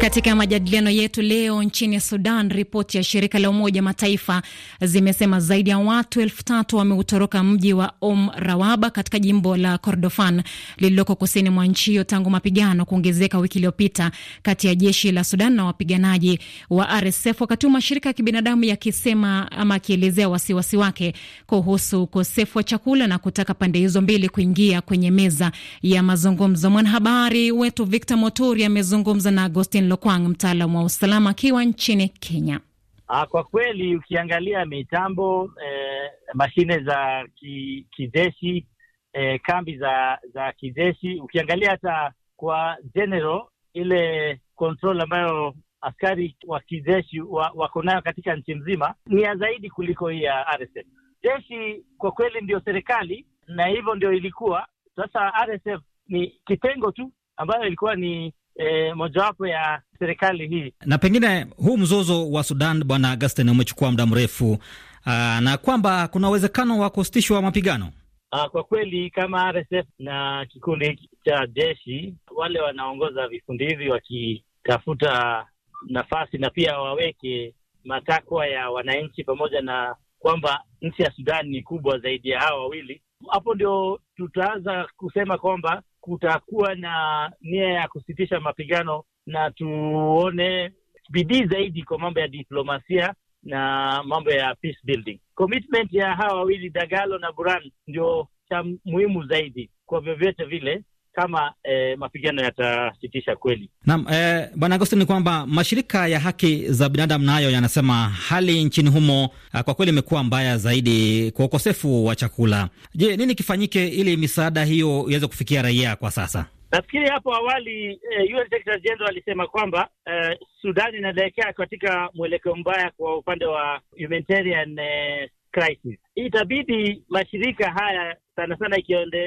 Katika majadiliano yetu leo nchini Sudan, ripoti ya shirika la Umoja Mataifa zimesema zaidi ya watu elfu tatu wameutoroka mji wa Om umm Rawaba katika jimbo la Kordofan lililoko kusini mwa nchi hiyo tangu mapigano kuongezeka wiki iliyopita kati ya jeshi la Sudan na wapiganaji wa RSF, wakati huu mashirika ya kibinadamu yakisema ama akielezea wasiwasi wake kuhusu ukosefu wa chakula na kutaka pande hizo mbili kuingia kwenye meza ya mazungumzo. Mwanahabari wetu Victor Moturi amezungumza na Agostin Lokwang, mtaalam wa usalama akiwa nchini Kenya. Aa, ah, kwa kweli ukiangalia mitambo eh, mashine za ki, kijeshi eh, kambi za za kijeshi, ukiangalia hata kwa general ile control ambayo askari wa kijeshi wako nayo katika nchi mzima ni ya zaidi kuliko hii ya RSF. Jeshi kwa kweli ndio serikali na hivyo ndio ilikuwa sasa. RSF ni kitengo tu ambayo ilikuwa ni e, mojawapo ya serikali hii. Na pengine huu mzozo wa Sudan, Bwana Augustin, umechukua muda mrefu ah, na kwamba kuna uwezekano wa kusitishwa mapigano aa, ah, kwa kweli kama RSF na kikundi cha jeshi wale wanaongoza vikundi hivi wakitafuta nafasi na pia waweke matakwa ya wananchi pamoja na kwamba nchi ya sudani ni kubwa zaidi ya hawa wawili, hapo ndio tutaanza kusema kwamba kutakuwa na nia ya kusitisha mapigano na tuone bidii zaidi kwa mambo ya diplomasia na mambo ya peace building. Commitment ya hawa wawili Dagalo na Buran ndio cha muhimu zaidi kwa vyovyote vile, kama eh, mapigano yatasitisha kweli. Naam, eh, Bwana Agosti, ni kwamba mashirika ya haki za binadamu nayo yanasema hali nchini humo ah, kwa kweli imekuwa mbaya zaidi kwa ukosefu wa chakula. Je, nini kifanyike ili misaada hiyo iweze kufikia raia kwa sasa? Nafikiri hapo awali eh, UN Secretary General alisema kwamba eh, Sudani inaelekea katika mwelekeo mbaya kwa upande wa humanitarian eh, crisis. Itabidi mashirika haya sana sana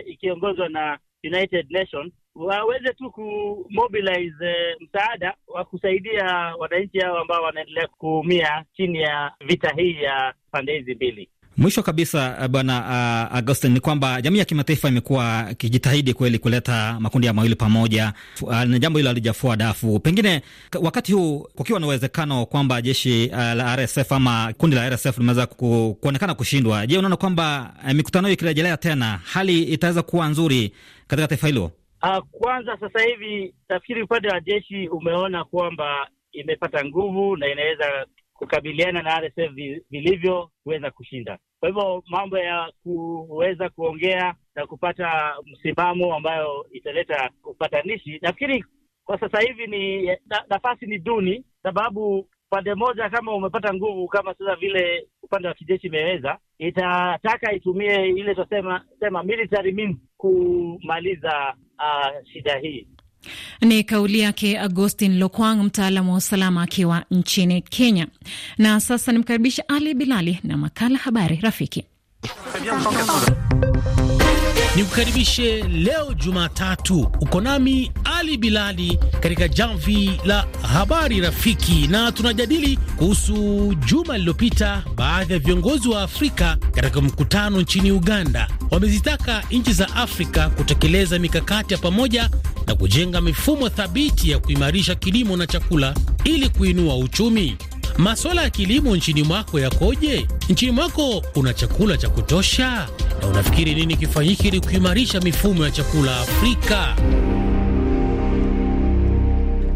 ikiongozwa na United Nations waweze tu kumobilize eh, msaada wa kusaidia wananchi hao ambao wanaendelea kuumia chini ya vita hii ya pande hizi mbili. Mwisho kabisa eh, bwana uh, eh, Augustin, ni kwamba jamii ya kimataifa imekuwa kijitahidi kweli kuleta makundi ya mawili pamoja uh, na jambo hilo halijafua dafu. Pengine wakati huu kukiwa na uwezekano kwamba jeshi uh, la RSF ama kundi la RSF limeweza kuonekana kushindwa, je, unaona kwamba uh, mikutano hiyo ikirejelea tena hali itaweza kuwa nzuri katika taifa hilo? Uh, kwanza sasa hivi nafikiri upande wa jeshi umeona kwamba imepata nguvu na inaweza kukabiliana na RSF vilivyo kuweza kushinda. Kwa hivyo mambo ya kuweza kuongea na kupata msimamo ambayo italeta upatanishi, nafikiri kwa sasa hivi ni na, nafasi ni duni, sababu upande mmoja kama umepata nguvu kama sasa vile upande wa kijeshi imeweza, itataka itumie ile tosema, sema military means kumaliza uh, shida hii. Ni kauli yake Agostin Lokwang, mtaalam wa usalama akiwa nchini Kenya. Na sasa nimkaribisha Ali Bilali na makala Habari Rafiki. Ni kukaribishe leo Jumatatu, uko nami Ali Bilali katika jamvi la habari rafiki, na tunajadili kuhusu juma lililopita. Baadhi ya viongozi wa Afrika katika mkutano nchini Uganda wamezitaka nchi za Afrika kutekeleza mikakati ya pamoja na kujenga mifumo thabiti ya kuimarisha kilimo na chakula ili kuinua uchumi. Masuala ya kilimo nchini mwako yakoje? Nchini mwako una chakula cha kutosha? Na unafikiri nini kifanyike ili kuimarisha mifumo ya chakula Afrika?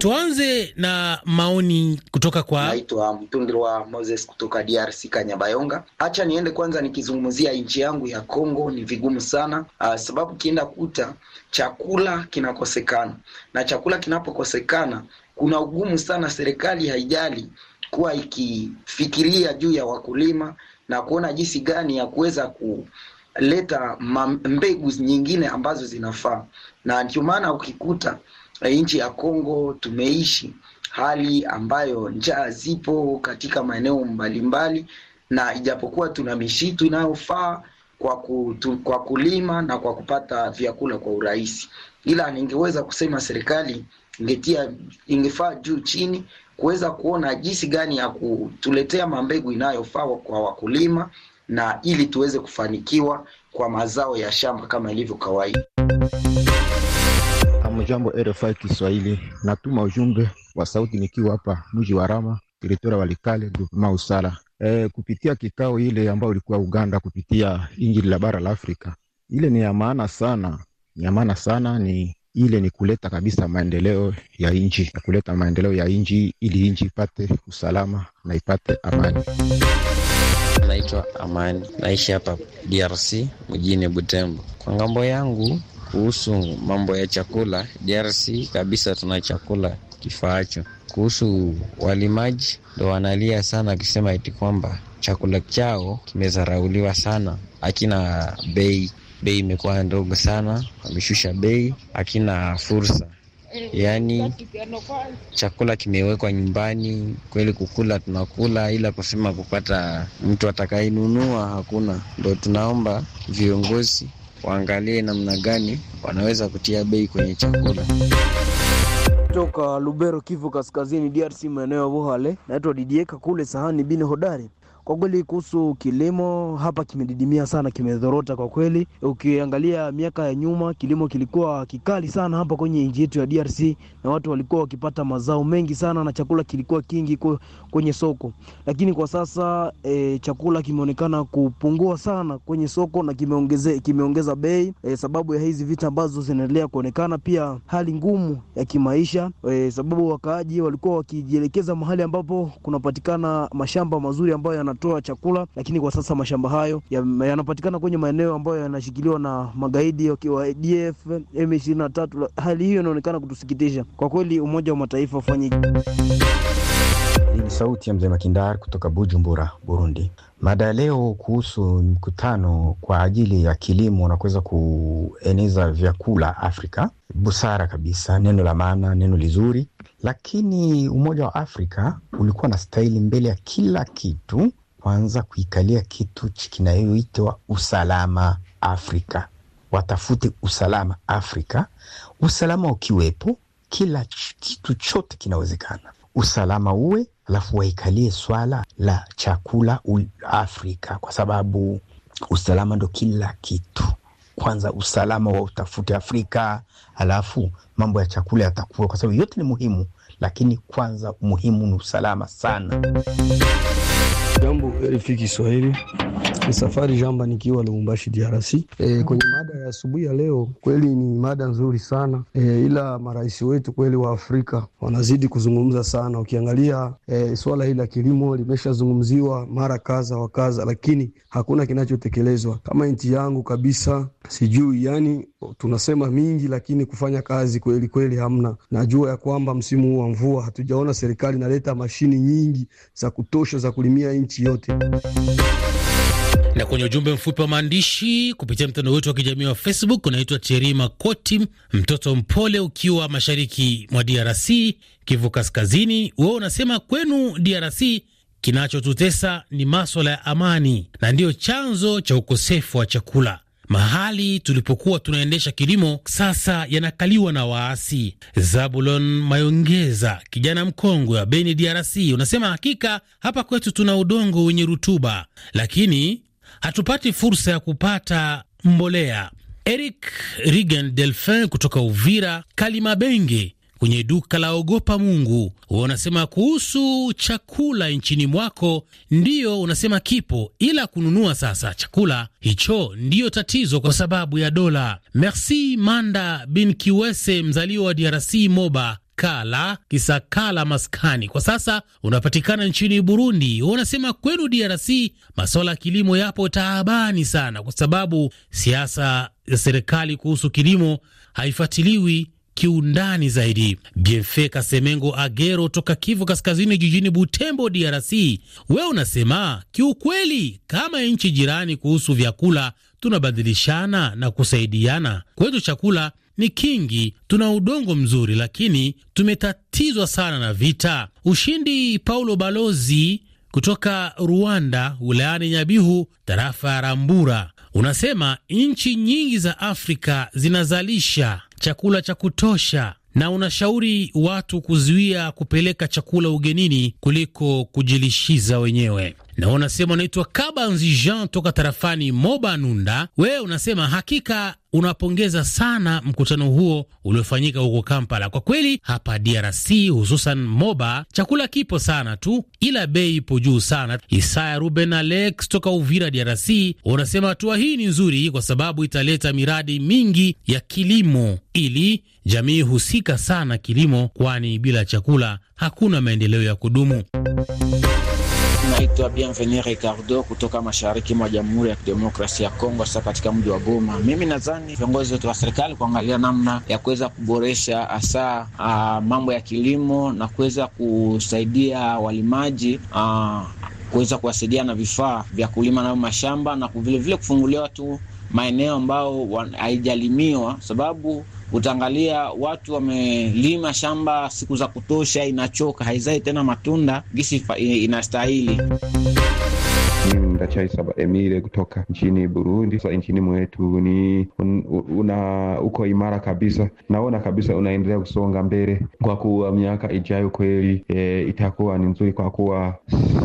Tuanze na maoni kutoka kwa, naitwa Mtundilwa Moses kutoka DRC Kanyabayonga. Hacha niende kwanza nikizungumzia nchi yangu ya Kongo, ni vigumu sana uh, sababu kienda kuta chakula kinakosekana, na chakula kinapokosekana kuna ugumu sana. Serikali haijali kuwa ikifikiria juu ya wakulima na kuona jinsi gani ya kuweza kuleta mbegu nyingine ambazo zinafaa, na ndio maana ukikuta Eh, nchi ya Kongo tumeishi hali ambayo njaa zipo katika maeneo mbalimbali, na ijapokuwa tuna misitu inayofaa kwa, kutu, kwa kulima na kwa kupata vyakula kwa urahisi, ila ningeweza kusema serikali ingetia ingefaa juu chini kuweza kuona jinsi gani ya kutuletea mambegu inayofaa kwa wakulima na ili tuweze kufanikiwa kwa mazao ya shamba kama ilivyo kawaida jambo RFI Kiswahili, natuma ujumbe wa sauti nikiwa hapa mji wa Rama, teritoria Walikale, groupema Usala. E, kupitia kikao ile ambayo ilikuwa Uganda kupitia injili la bara la Afrika, ile ni ya maana sana, ni ya maana sana, ni ile ni kuleta kabisa maendeleo ya nchi, na kuleta maendeleo ya nchi ili nchi ipate usalama na ipate amani. Naitwa Amani, naishi hapa DRC mjini Butembo. Kwa ngambo yangu kuhusu mambo ya chakula, DRC kabisa tuna chakula kifaacho. Kuhusu walimaji, ndo wanalia sana akisema eti kwamba chakula chao kimezarauliwa sana, akina bei, bei imekuwa ndogo sana, wameshusha bei, akina fursa Yaani chakula kimewekwa nyumbani, kweli kukula tunakula, ila kusema kupata mtu atakayenunua hakuna. Ndo tunaomba viongozi waangalie namna gani wanaweza kutia bei kwenye chakula. Toka Lubero, Kivu Kaskazini, DRC, maeneo ya Buhale. Naitwa Didieka kule sahani bini hodari kwa kweli kuhusu kilimo hapa kimedidimia sana, kimedhorota kwa kweli. Ukiangalia miaka ya nyuma, kilimo kilikuwa kikali sana hapa kwenye nchi yetu ya DRC, na watu walikuwa wakipata mazao mengi sana na chakula kilikuwa kingi kwenye soko. Lakini kwa sasa e, chakula kimeonekana kupungua sana kwenye soko na kimeongeze, kimeongeza bei e, sababu ya hizi vita ambazo zinaendelea kuonekana, pia hali ngumu ya kimaisha e, sababu wakaaji walikuwa wakijielekeza mahali ambapo kunapatikana mashamba mazuri ambayo yana wanatoa chakula, lakini kwa sasa mashamba hayo yanapatikana kwenye maeneo ambayo yanashikiliwa na magaidi wakiwa ADF, M23. Hali hiyo inaonekana kutusikitisha kwa kweli. Umoja wa Mataifa ufanye hii ni sauti ya mzee Makindar kutoka Bujumbura, Burundi. Mada ya leo kuhusu mkutano kwa ajili ya kilimo na kuweza kueneza vyakula Afrika. Busara kabisa, neno la maana, neno lizuri, lakini umoja wa Afrika ulikuwa na staili mbele ya kila kitu kwanza kuikalia kitu kinayoitwa usalama Afrika. Watafute usalama Afrika. Usalama ukiwepo, kila kitu chote kinawezekana. Usalama uwe, alafu waikalie swala la chakula Afrika, kwa sababu usalama ndo kila kitu. Kwanza usalama wa utafute Afrika, alafu mambo ya chakula yatakuwa, kwa sababu yote ni muhimu, lakini kwanza umuhimu ni usalama sana Jambo RFI Kiswahili, ni safari jamba nikiwa Lubumbashi DRC. E, kwenye mada ya asubuhi ya leo kweli ni mada nzuri sana e, ila marais wetu kweli wa Afrika wanazidi kuzungumza sana. Ukiangalia e, swala hili la kilimo limeshazungumziwa mara kadha wa kadha, lakini hakuna kinachotekelezwa. Kama nchi yangu kabisa sijui yani tunasema mingi, lakini kufanya kazi kweli kweli hamna. Najua ya kwamba msimu huu wa mvua hatujaona serikali inaleta mashini nyingi za kutosha za kulimia nchi yote na kwenye ujumbe mfupi wa maandishi kupitia mtandao wetu wa kijamii wa Facebook unaitwa Cheri Makoti, mtoto mpole, ukiwa mashariki mwa DRC, Kivu Kaskazini, wewe unasema kwenu DRC kinachotutesa ni maswala ya amani na ndiyo chanzo cha ukosefu wa chakula mahali tulipokuwa tunaendesha kilimo sasa yanakaliwa na waasi. Zabulon Mayongeza, kijana mkongwe wa Beni, DRC, unasema hakika hapa kwetu tuna udongo wenye rutuba, lakini hatupati fursa ya kupata mbolea. Eric Rigan Delfin kutoka Uvira Kalimabenge kwenye duka la ogopa Mungu. Wanasema kuhusu chakula nchini mwako, ndiyo unasema kipo, ila kununua sasa chakula hicho ndiyo tatizo kwa sababu ya dola. Merci Manda bin Kiwese, mzaliwa wa DRC Moba Kala Kisakala maskani, kwa sasa unapatikana nchini Burundi. Wanasema kwenu DRC masuala ya kilimo yapo taabani sana, kwa sababu siasa ya serikali kuhusu kilimo haifuatiliwi kiundani zaidi. Bienfe Kasemengo Agero toka Kivu Kaskazini, jijini Butembo, DRC. Wewe unasema kiukweli, kama nchi jirani kuhusu vyakula tunabadilishana na kusaidiana. Kwetu chakula ni kingi, tuna udongo mzuri, lakini tumetatizwa sana na vita. Ushindi Paulo Balozi kutoka Rwanda, wilayani Nyabihu, tarafa ya Rambura, unasema nchi nyingi za Afrika zinazalisha chakula cha kutosha na unashauri watu kuzuia kupeleka chakula ugenini kuliko kujilishiza wenyewe na unasema unaitwa Kabanzi Jean toka tarafani Moba Nunda. Wewe unasema hakika unapongeza sana mkutano huo uliofanyika huko Kampala. Kwa kweli hapa DRC hususan Moba chakula kipo sana tu, ila bei ipo juu sana. Isaya Ruben Alex toka Uvira, DRC, unasema hatua hii ni nzuri kwa sababu italeta miradi mingi ya kilimo ili jamii husika sana kilimo, kwani bila chakula hakuna maendeleo ya kudumu. Naitwa Bienvenu Ricardo kutoka mashariki mwa Jamhuri ya Kidemokrasia ya Kongo, sasa katika mji wa Goma. Mimi nadhani viongozi wetu wa serikali kuangalia namna ya kuweza kuboresha hasa ah, mambo ya kilimo na kuweza kusaidia walimaji ah, kuweza kuwasaidia na vifaa vya kulima nayo mashamba na vilevile kufungulia watu maeneo ambao haijalimiwa sababu utaangalia watu wamelima shamba siku za kutosha, inachoka, haizai tena matunda gisi inastahili mimi saba Emile kutoka nchini Burundi. sa nchini mwetu ni un, una uko imara kabisa, naona kabisa unaendelea kusonga mbele, kwa kuwa miaka ijayo kweli e, itakuwa ni nzuri, kwa kuwa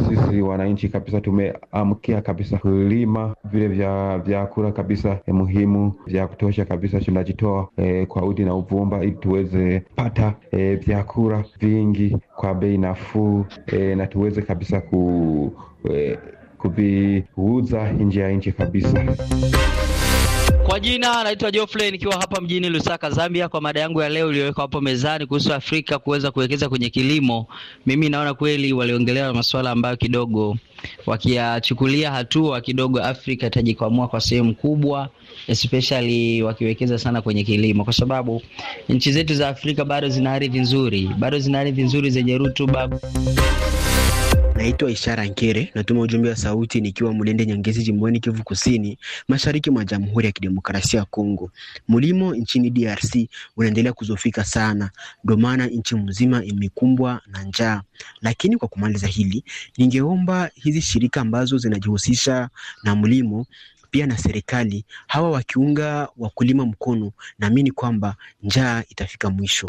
sisi wananchi kabisa tumeamkia kabisa kulima vile vya vyakula kabisa e, muhimu vya kutosha kabisa, tunajitoa e, kwa udi na uvumba ili tuweze pata e, vyakula vingi kwa bei nafuu e, na tuweze kabisa ku e, kuviuza nje ya nchi kabisa. Kwa jina naitwa Geoffrey nikiwa hapa mjini Lusaka, Zambia, kwa mada yangu ya leo iliyowekwa hapo mezani kuhusu Afrika kuweza kuwekeza kwenye kilimo. Mimi naona kweli waliongelea masuala ambayo kidogo wakiyachukulia hatua kidogo, Afrika itajikwamua kwa sehemu kubwa, especially wakiwekeza sana kwenye kilimo, kwa sababu nchi zetu za Afrika bado zina ardhi nzuri, bado zina ardhi nzuri zenye rutuba. Naitwa Ishara Nkere, natuma ujumbe wa sauti nikiwa Mulende Nyangezi, jimboni Kivu Kusini, mashariki mwa Jamhuri ya Kidemokrasia ya Kongo. Mlimo nchini DRC unaendelea kuzofika sana, ndio maana nchi mzima imekumbwa na njaa. Lakini kwa kumaliza hili, ningeomba hizi shirika ambazo zinajihusisha na mlimo pia na serikali, hawa wakiunga wakulima mkono, naamini kwamba njaa itafika mwisho.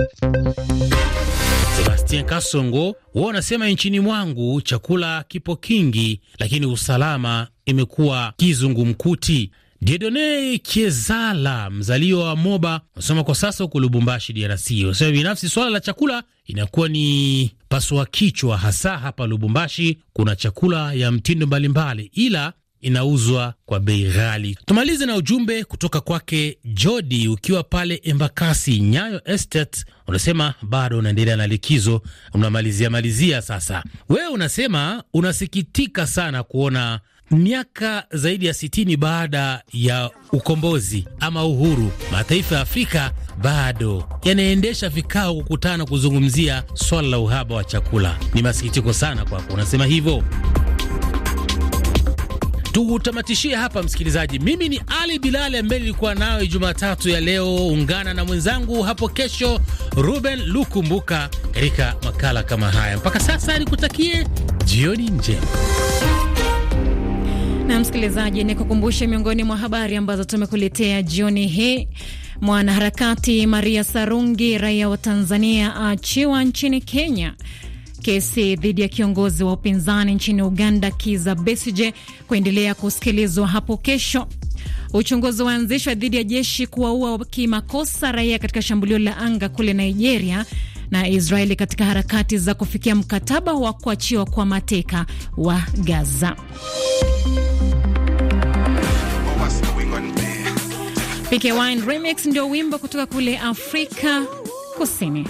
Sebastien Kasongo wao wanasema nchini mwangu chakula kipo kingi, lakini usalama imekuwa kizungumkuti. Diedone Kiezala, mzaliwa wa Moba, anasema kwa sasa huko Lubumbashi, DRC, anasema binafsi swala la chakula inakuwa ni pasua kichwa, hasa hapa Lubumbashi kuna chakula ya mtindo mbalimbali, ila inauzwa kwa bei ghali. Tumalize na ujumbe kutoka kwake Jodi, ukiwa pale Embakasi Nyayo Estate, unasema bado unaendelea na likizo, unamalizia malizia sasa. Wewe unasema unasikitika sana kuona miaka zaidi ya sitini baada ya ukombozi ama uhuru, mataifa ya Afrika bado yanaendesha vikao kukutana kuzungumzia swala la uhaba wa chakula. Ni masikitiko sana kwako, unasema hivyo. Tutamatishie hapa msikilizaji. Mimi ni Ali Bilali ambaye nilikuwa nawe Jumatatu ya leo. Ungana na mwenzangu hapo kesho Ruben Lukumbuka katika makala kama haya. Mpaka sasa nikutakie jioni njema na msikilizaji, ni kukumbushe miongoni mwa habari ambazo tumekuletea jioni hii. Mwanaharakati Maria Sarungi, raia wa Tanzania, aachiwa nchini Kenya kesi dhidi ya kiongozi wa upinzani nchini Uganda Kiza Besije kuendelea kusikilizwa hapo kesho. Uchunguzi waanzishwa dhidi ya jeshi kuwaua kimakosa raia katika shambulio la anga kule Nigeria na Israeli katika harakati za kufikia mkataba wa kuachiwa kwa mateka wa Gaza. PK Wine Remix ndio wimbo kutoka kule Afrika Kusini.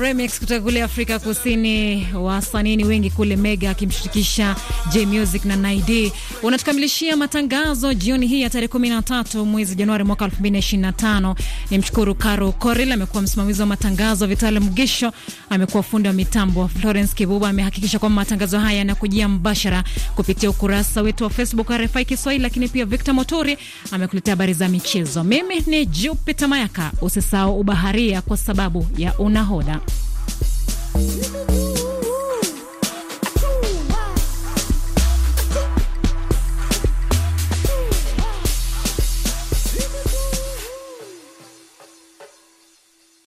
Remix kutoka kule Afrika Kusini, wasanii wengi kule Mega akimshirikisha J Music na Naidi. Unatukamilishia matangazo jioni hii ya tarehe 13 mwezi Januari mwaka 2025 ni mshukuru Karo Koril, amekuwa msimamizi wa matangazo, Vitali Mgisho amekuwa fundi wa mitambo, Florence Kibuba amehakikisha kwamba matangazo haya yanakujia mbashara kupitia ukurasa wetu wa Facebook RFI Kiswahili, lakini pia Victor Moturi amekuletea habari za michezo. Mimi ni Jupiter Mayaka. Usisahau ubaharia kwa sababu ya unahoda.